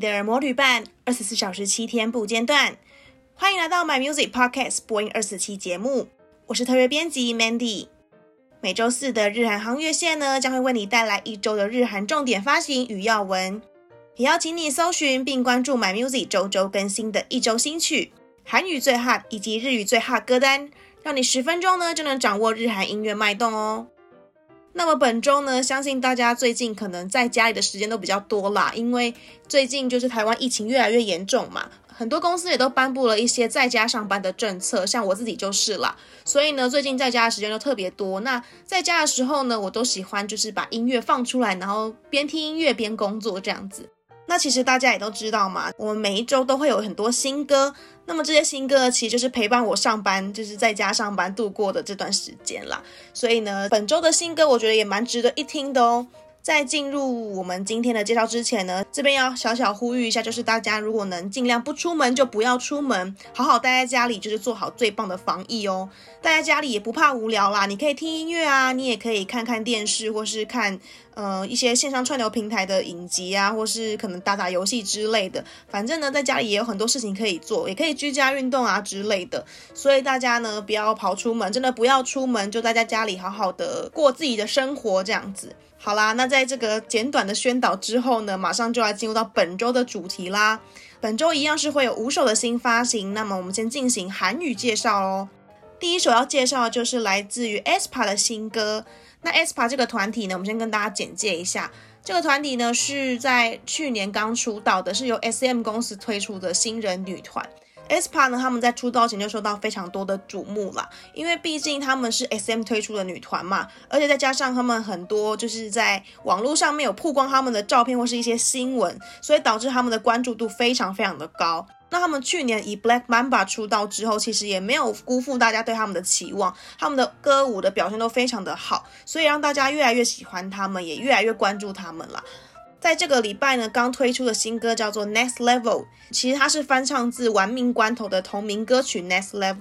的耳膜旅伴，二十四小時七天不間斷。歡迎來到 My Music Podcast 播音二十四期節目，我是特約編輯 Mandy。每周四的日韓夯樂線呢，將會為你帶來一周的日韓重點發行與要聞，也邀請你搜尋並關注 My Music 周周更新的一周新曲、韓語最 hot 以及日語最 hot 歌單，讓你十分鐘呢就能掌握日韓音樂脈動哦。那麼本週呢，相信大家最近可能在家裡的時間都比較多啦，因為最近就是台灣疫情越來越嚴重嘛，很多公司也都頒布了一些在家上班的政策，像我自己就是啦，所以呢，最近在家的時間都特別多。那在家的時候呢，我都喜歡就是把音樂放出來，然後邊聽音樂邊工作這樣子。那其實大家也都知道嘛，我們每一週都會有很多新歌，那麼這些新歌其實就是陪伴我上班，就是在家上班度過的這段時間啦。所以呢，本周的新歌我覺得也蠻值得一聽的哦。在進入我們今天的介紹之前呢，這邊要小小呼籲一下，就是大家如果能盡量不出門，就不要出門，好好待在家裡，就是做好最棒的防疫哦。待在家裡也不怕無聊啦，你可以聽音樂啊，你也可以看看電視，或是看呃一些線上串流平台的影集啊，或是可能打打遊戲之類的。反正呢，在家裡也有很多事情可以做，也可以居家運動啊之類的。所以大家呢，不要跑出門，真的不要出門，就待在家裡好好的過自己的生活，這樣子。好啦，那在這個簡短的宣導之後呢，馬上就來進入到本週的主題啦。本週一樣是會有五首的新發行，那麼我們先進行韓語介紹哦。第一首要介紹的就是來自於 aespa 的新歌。那 aespa 這個團體呢，我們先跟大家簡介一下，這個團體呢是在去年剛出道的，是由 SM 公司推出的新人女團。aespa 呢，他們在出道前就受到非常多的矚目啦，因為畢竟他們是 SM 推出的女團嘛，而且再加上他們很多就是在網絡上面有曝光他們的照片或是一些新聞，所以導致他們的關注度非常非常的高。那他們去年以 Black Mamba 出道之後，其實也沒有辜負大家對他們的期望，他們的歌舞的表現都非常的好，所以讓大家越來越喜歡他們，也越來越關注他們啦。在這個禮拜呢，剛推出的新歌叫做《Next Level》，其實它是翻唱自《玩命關頭》的同名歌曲《Next Level》。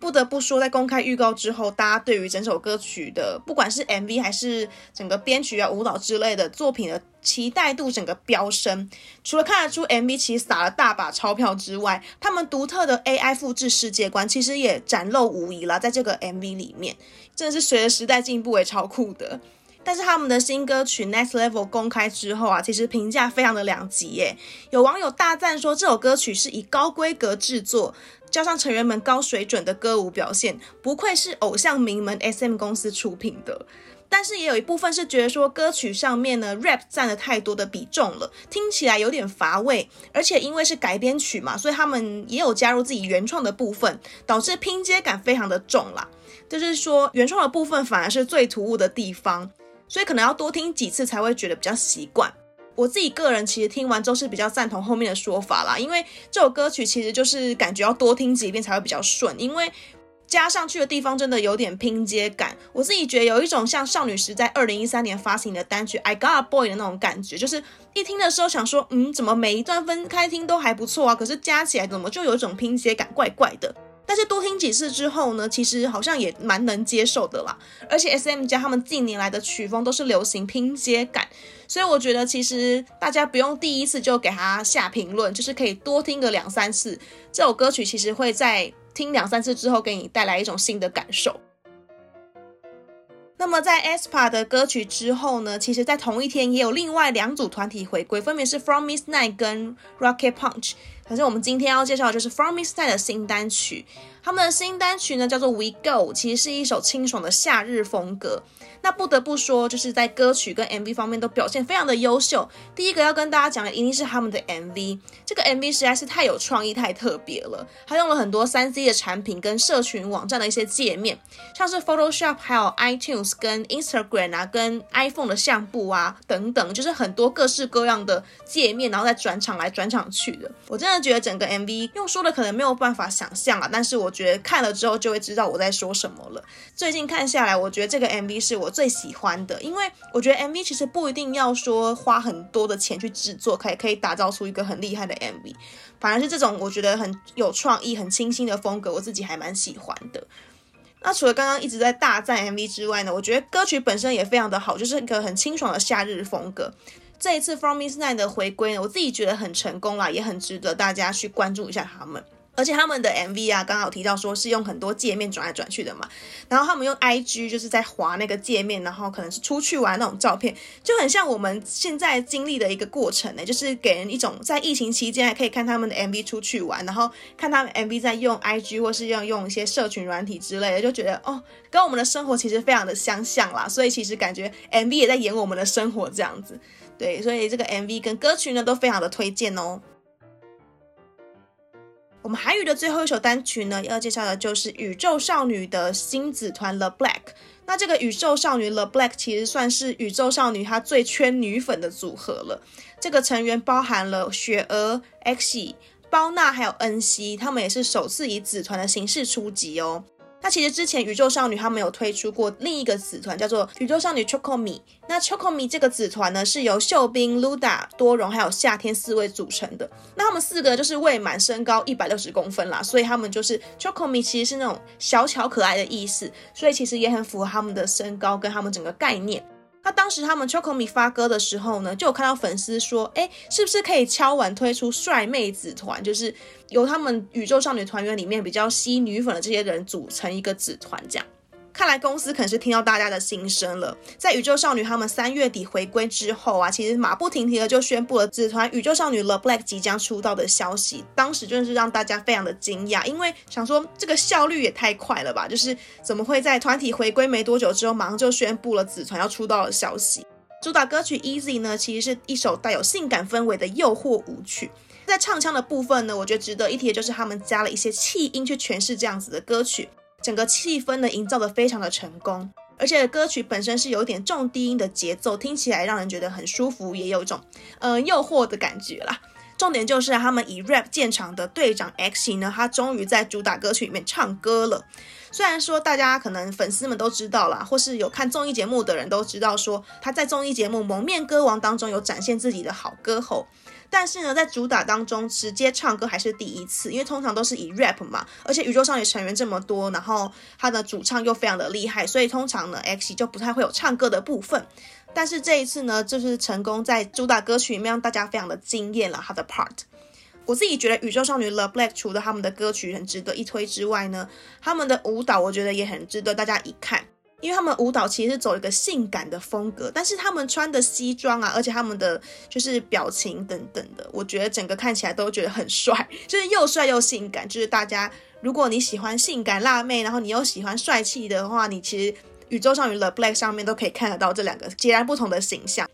不得不說，在公開預告之後，大家對於整首歌曲的，不管是 MV 還是整個編曲啊、舞蹈之類的作品的期待度，整個飆升。除了看得出 MV 其實撒了大把鈔票之外，他們獨特的 AI 複製世界觀其實也展露無遺了。在這個 MV 裡面，真的是隨着時代進步，也超酷的。但是他們的新歌曲《Next Level》公開之後啊，其實評價非常的兩極誒，有網友大贊說這首歌曲是以高規格製作，加上成員們高水準的歌舞表現，不愧是偶像名門 SM 公司出品的。但是也有一部分是覺得說歌曲上面呢，rap 佔了太多的比重了，聽起來有點乏味。而且因為是改編曲嘛，所以他們也有加入自己原創的部分，導致拼接感非常的重啦。就是說原創的部分反而是最突兀的地方。所以可能要多聽幾次才會覺得比較習慣。我自己個人其實聽完之後是比較贊同後面的說法啦，因為這首歌曲其實就是感覺要多聽幾遍才會比較順，因為加上去的地方真的有點拼接感。我自己覺得有一種像少女時代二零一三年發行的單曲《I Got a Boy》的那種感覺，就是一聽的時候想說，嗯，怎麼每一段分開聽都還不錯啊，可是加起來怎麼就有一種拼接感，怪怪的。但是多聽幾次之後呢，其實好像也蠻能接受的啦。而且 SM 家他們近年來的曲風都是流行拼接感，所以我覺得其實大家不用第一次就給他下評論，就是可以多聽個兩三次。這首歌曲其實會在聽兩三次之後給你帶來一種新的感受。那麼在 aespa 的歌曲之後呢，其實，在同一天也有另外兩組團體回歸，分別是 fromis_9 跟 Rocket Punch。但是我們今天要介紹的就是 fromis_9 的新單曲，他們的新單曲呢叫做《We Go》，其實是一首清爽的夏日風格。那不得不說，就是在歌曲跟 MV 方面都表現非常的優秀。第一個要跟大家講的一定是他們的 MV，這個 MV 實在是太有創意、太特別了。他用了很多 3C 的產品跟社群網站的一些界面，像是 Photoshop 還有 iTunes。跟 Instagram 啊，跟 iPhone 的相簿啊，等等，就是很多各式各樣的界面，然後再轉場來轉場去的。我真的覺得整個 MV 用說的可能沒有辦法想象啊，但是我覺得看了之後就會知道我在說什麼了。最近看下來，我覺得這個 MV 是我最喜歡的，因為我覺得 MV 其實不一定要說花很多的錢去制作，可以可以打造出一個很厲害的 MV，反而是這種我覺得很有創意、很清新的風格，我自己還蠻喜歡的。那除了剛剛一直在大贊 MV 之外呢，我覺得歌曲本身也非常的好，就是一個很清爽的夏日風格。這一次 fromis_9 的回歸呢，我自己覺得很成功啦，也很值得大家去關注一下他們。而且他們的 MV 啊，剛好我提到說是用很多界面轉來轉去的嘛，然後他們用 IG 就是在滑那個界面，然後可能是出去玩那種照片，就很像我們現在經歷的一個過程呢，欸，就是給人一種在疫情期間還可以看他們的 MV 出去玩，然後看他們 MV 在用 IG 或是要用一些社群軟體之類的，就覺得哦，跟我們的生活其實非常的相像啦，所以其實感覺 MV 也在演我們的生活這樣子，對，所以這個 MV 跟歌曲呢都非常的推薦哦。我們韓語的最後一首單曲呢，要介紹的就是宇宙少女的新子團 The Black。那這個宇宙少女 The Black 其實算是宇宙少女她最圈女粉的組合了。這個成員包含了雪娥、EXY、包娜還有恩熙，他們也是首次以子團的形式出輯哦。那其實之前宇宙少女他們有推出過另一個子團，叫做宇宙少女 Chocome。那 Chocome 這個子團呢，是由秀彬、Luda、多榮還有夏天四位組成的。那他們四個就是未滿身高一百六十公分啦，所以他們就是 Chocome 其實是那種小巧可愛的意思，所以其實也很符合他們的身高跟他們整個概念。那、啊、當時他們 Chocome 發歌的時候呢，就有看到粉絲說，哎、欸，是不是可以敲碗推出帥妹子團？就是由他們宇宙少女團員裡面比較吸女粉的這些人組成一個子團這樣。看來公司可能是聽到大家的心聲了。在宇宙少女她們三月底回歸之後啊，其實馬不停蹄的就宣布了子團宇宙少女 The Black 即將出道的消息。當時真的是讓大家非常的驚訝，因為想說這個效率也太快了吧，就是怎麼會在團體回歸沒多久之後，馬上就宣布了子團要出道的消息。主打歌曲 Easy 呢，其實是一首帶有性感氛圍的誘惑舞曲。在唱腔的部分呢，我覺得值得一提的就是他們加了一些氣音去詮釋這樣子的歌曲。整個氣氛呢，營造的非常的成功，而且歌曲本身是有點重低音的節奏，聽起來讓人覺得很舒服，也有一種嗯、呃、誘惑的感覺啦。重點就是他們以 rap 見長的隊長 Exy 呢，他終於在主打歌曲裡面唱歌了。雖然說大家可能粉絲們都知道啦，或是有看綜藝節目的人都知道說，說他在綜藝節目《蒙面歌王》當中有展現自己的好歌喉。但是呢，在主打當中直接唱歌還是第一次，因為通常都是以 rap 嘛，而且宇宙少女成員這麼多，然後她的主唱又非常的厲害，所以通常呢，Exy 就不太會有唱歌的部分。但是這一次呢，就是成功在主打歌曲裡面讓大家非常的驚艷了她的 part。我自己覺得宇宙少女 The Black 除了他們的歌曲很值得一推之外呢，他們的舞蹈我覺得也很值得大家一看。因為他們舞蹈其實是走一個性感的風格，但是他們穿的西裝啊，而且他們的就是表情等等的，我覺得整個看起來都覺得很帥，就是又帥又性感。就是大家，如果你喜歡性感辣妹，然後你又喜歡帥氣的話，你其實宇宙少女 The Black 上面都可以看得到這兩個截然不同的形象。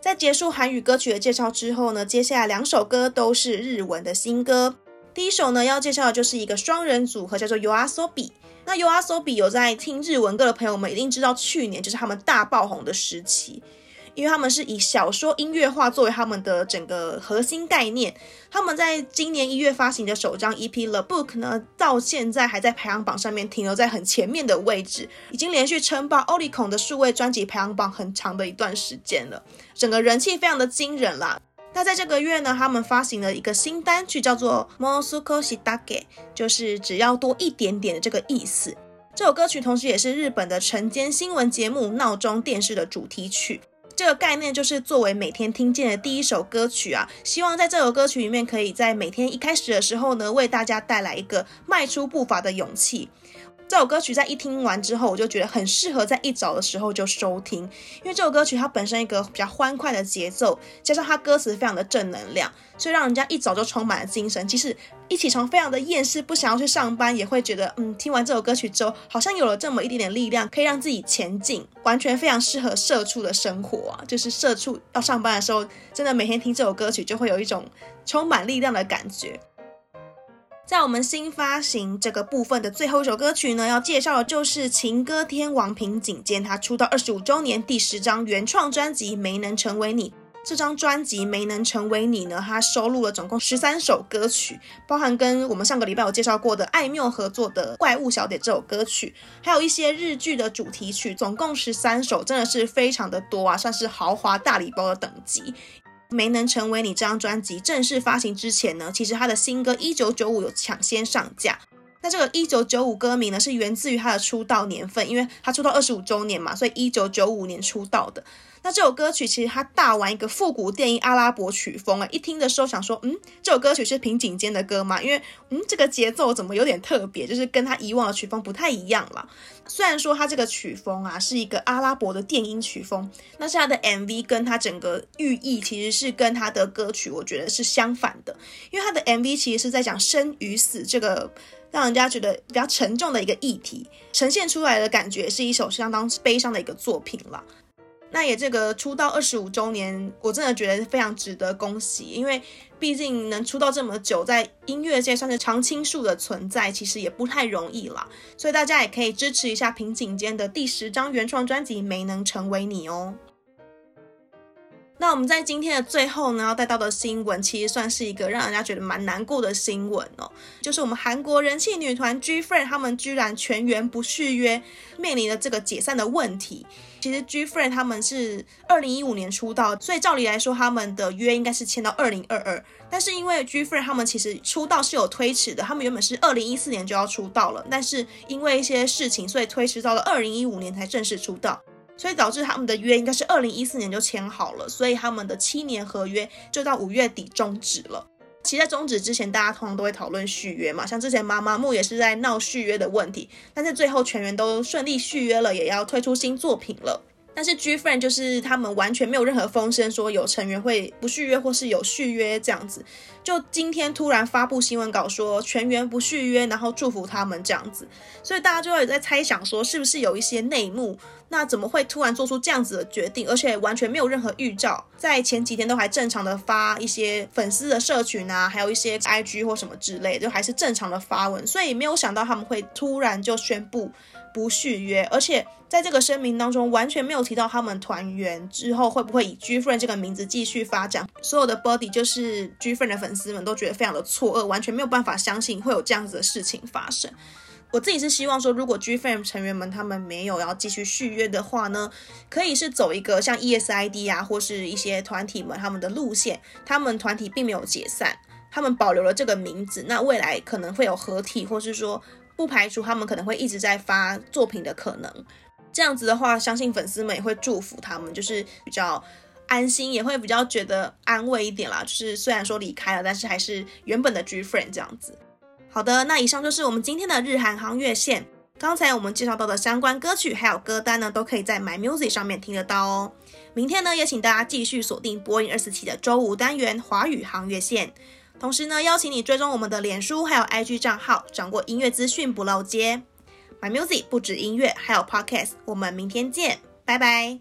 在結束韓語歌曲的介紹之後呢，接下來兩首歌都是日文的新歌。第一首呢要介紹的就是一個雙人組合，叫做 YOASOBI。那 YOASOBI，有在聽日文歌的朋友們，一定知道去年就是他們大爆紅的時期，因為他們是以小說音樂化作為他們的整個核心概念。他們在今年一月發行的首張 EP《The Book》呢，到現在還在排行榜上面停留在很前面的位置，已經連續稱霸 Oricon 的數位專輯排行榜很長的一段時間了，整個人氣非常的驚人啦。那在這個月呢，他們發行了一個新單曲，叫做《もう少しだけ》，就是只要多一點點的這個意思。這首歌曲同時也是日本的晨間新聞節目《鬧鐘電視》的主題曲。這個概念就是作為每天聽見的第一首歌曲啊，希望在這首歌曲裡面，可以在每天一開始的時候呢，為大家帶來一個邁出步伐的勇氣。這首歌曲在一聽完之後，我就覺得很適合在一早的時候就收聽，因為這首歌曲它本身一個比較歡快的節奏，加上它歌詞非常的正能量，所以讓人家一早就充滿了精神。即使一起床非常的厭世，不想要去上班，也會覺得嗯，聽完這首歌曲之後，好像有了這麼一點點力量，可以讓自己前進，完全非常適合社畜的生活啊！就是社畜要上班的時候，真的每天聽這首歌曲，就會有一種充滿力量的感覺。在我們新發行這個部分的最後一首歌曲呢，要介紹的就是情歌天王平井堅，他出道二十五週年第十張原創專輯《沒能成為你》。這張專輯沒能成為你呢，它收錄了總共十三首歌曲，包含跟我們上個禮拜有介紹過的艾繆合作的《怪物小姐》這首歌曲，還有一些日劇的主題曲，總共十三首，真的是非常的多啊，算是豪華大禮包的等級。沒能成為你這張專輯正式發行之前呢，其實他的新歌《一九九五》有搶先上架。那這個《一九九五》歌名呢，是源自於他的出道年份，因為他出道二十五周年嘛，所以一九九五年出道的。那這首歌曲其實他大玩一個復古電音阿拉伯曲風。欸，啊，一聽的時候想說，嗯，這首歌曲是平井堅的歌嗎？因為，嗯，這個節奏怎麼有點特別，就是跟他以往的曲風不太一樣了。雖然說它這個曲風啊是一個阿拉伯的電音曲風，但是它的 MV 跟它整個寓意，其實是跟它的歌曲，我覺得是相反的，因為它的 MV 其實是在講生與死這個讓人家覺得比較沉重的一個議題，呈現出來的感覺是一首相當悲傷的一個作品啦。那也這個出道二十五週年，我真的覺得非常值得恭喜，因為畢竟能出道這麼久，在音樂界算是常青樹的存在，其實也不太容易了。所以大家也可以支持一下平井堅的第十張原創專輯《沒能成為你、喔》哦。那我們在今天的最後呢，要帶到的新聞其實算是一個讓人家覺得蠻難過的新聞哦，就是我們韓國人氣女團 GFRIEND 他們居然全員不續約，面臨着這個解散的問題。其實 GFRIEND 他們是二零一五年出道，所以照理來說他們的約應該是簽到二零二二，但是因為 GFRIEND 他們其實出道是有推遲的，他們原本是二零一四年就要出道了，但是因為一些事情，所以推遲到了二零一五年才正式出道。所以導致他們的約應該是二零一四年就簽好了，所以他們的七年合約就到五月底終止了。其實，在終止之前，大家通常都會討論續約嘛，像之前媽媽木也是在鬧續約的問題，但是最後全員都順利續約了，也要推出新作品了。但是 GFRIEND 就是他們完全沒有任何風聲說有成員會不續約或是有續約這樣子，就今天突然發布新聞稿說全員不續約，然後祝福他們這樣子，所以大家就會在猜想說是不是有一些內幕。那怎麼會突然做出這樣子的決定，而且完全沒有任何預兆？在前幾天都還正常的發一些粉絲的社群啊，還有一些 IG 或什麼之類，就還是正常的發文，所以沒有想到他們會突然就宣布不續約，而且在這個聲明當中完全沒有提到他們團員之後會不會以 GFRIEND 這個名字繼續發展。所有的 Buddy 就是 GFRIEND 的粉絲們都覺得非常的錯愕，完全沒有辦法相信會有這樣子的事情發生。我自己是希望說，如果 GFRIEND 成員們他們沒有要繼續續約的話呢，可以是走一個像 E-S-I-D 啊，或是一些團體們他們的路線，他們團體並沒有解散，他們保留了這個名字，那未來可能會有合體，或是說不排除他們可能會一直在發作品的可能。這樣子的話，相信粉絲們也會祝福他們，就是比較安心，也會比較覺得安慰一點啦。就是雖然說離開了，但是還是原本的 GFRIEND 這樣子。好的，那以上就是我們今天的日韓夯樂線。剛才我們介紹到的相關歌曲還有歌單呢，都可以在 My Music 上面聽得到哦。明天呢，也請大家繼續鎖定播音247的周五單元華語夯樂線。同時呢，邀請你追蹤我們的臉書還有 IG 賬號，掌握音樂資訊不漏接。My Music 不只音樂，還有 Podcast。我們明天見，拜拜。